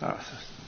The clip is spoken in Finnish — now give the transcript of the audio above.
Alltså, no,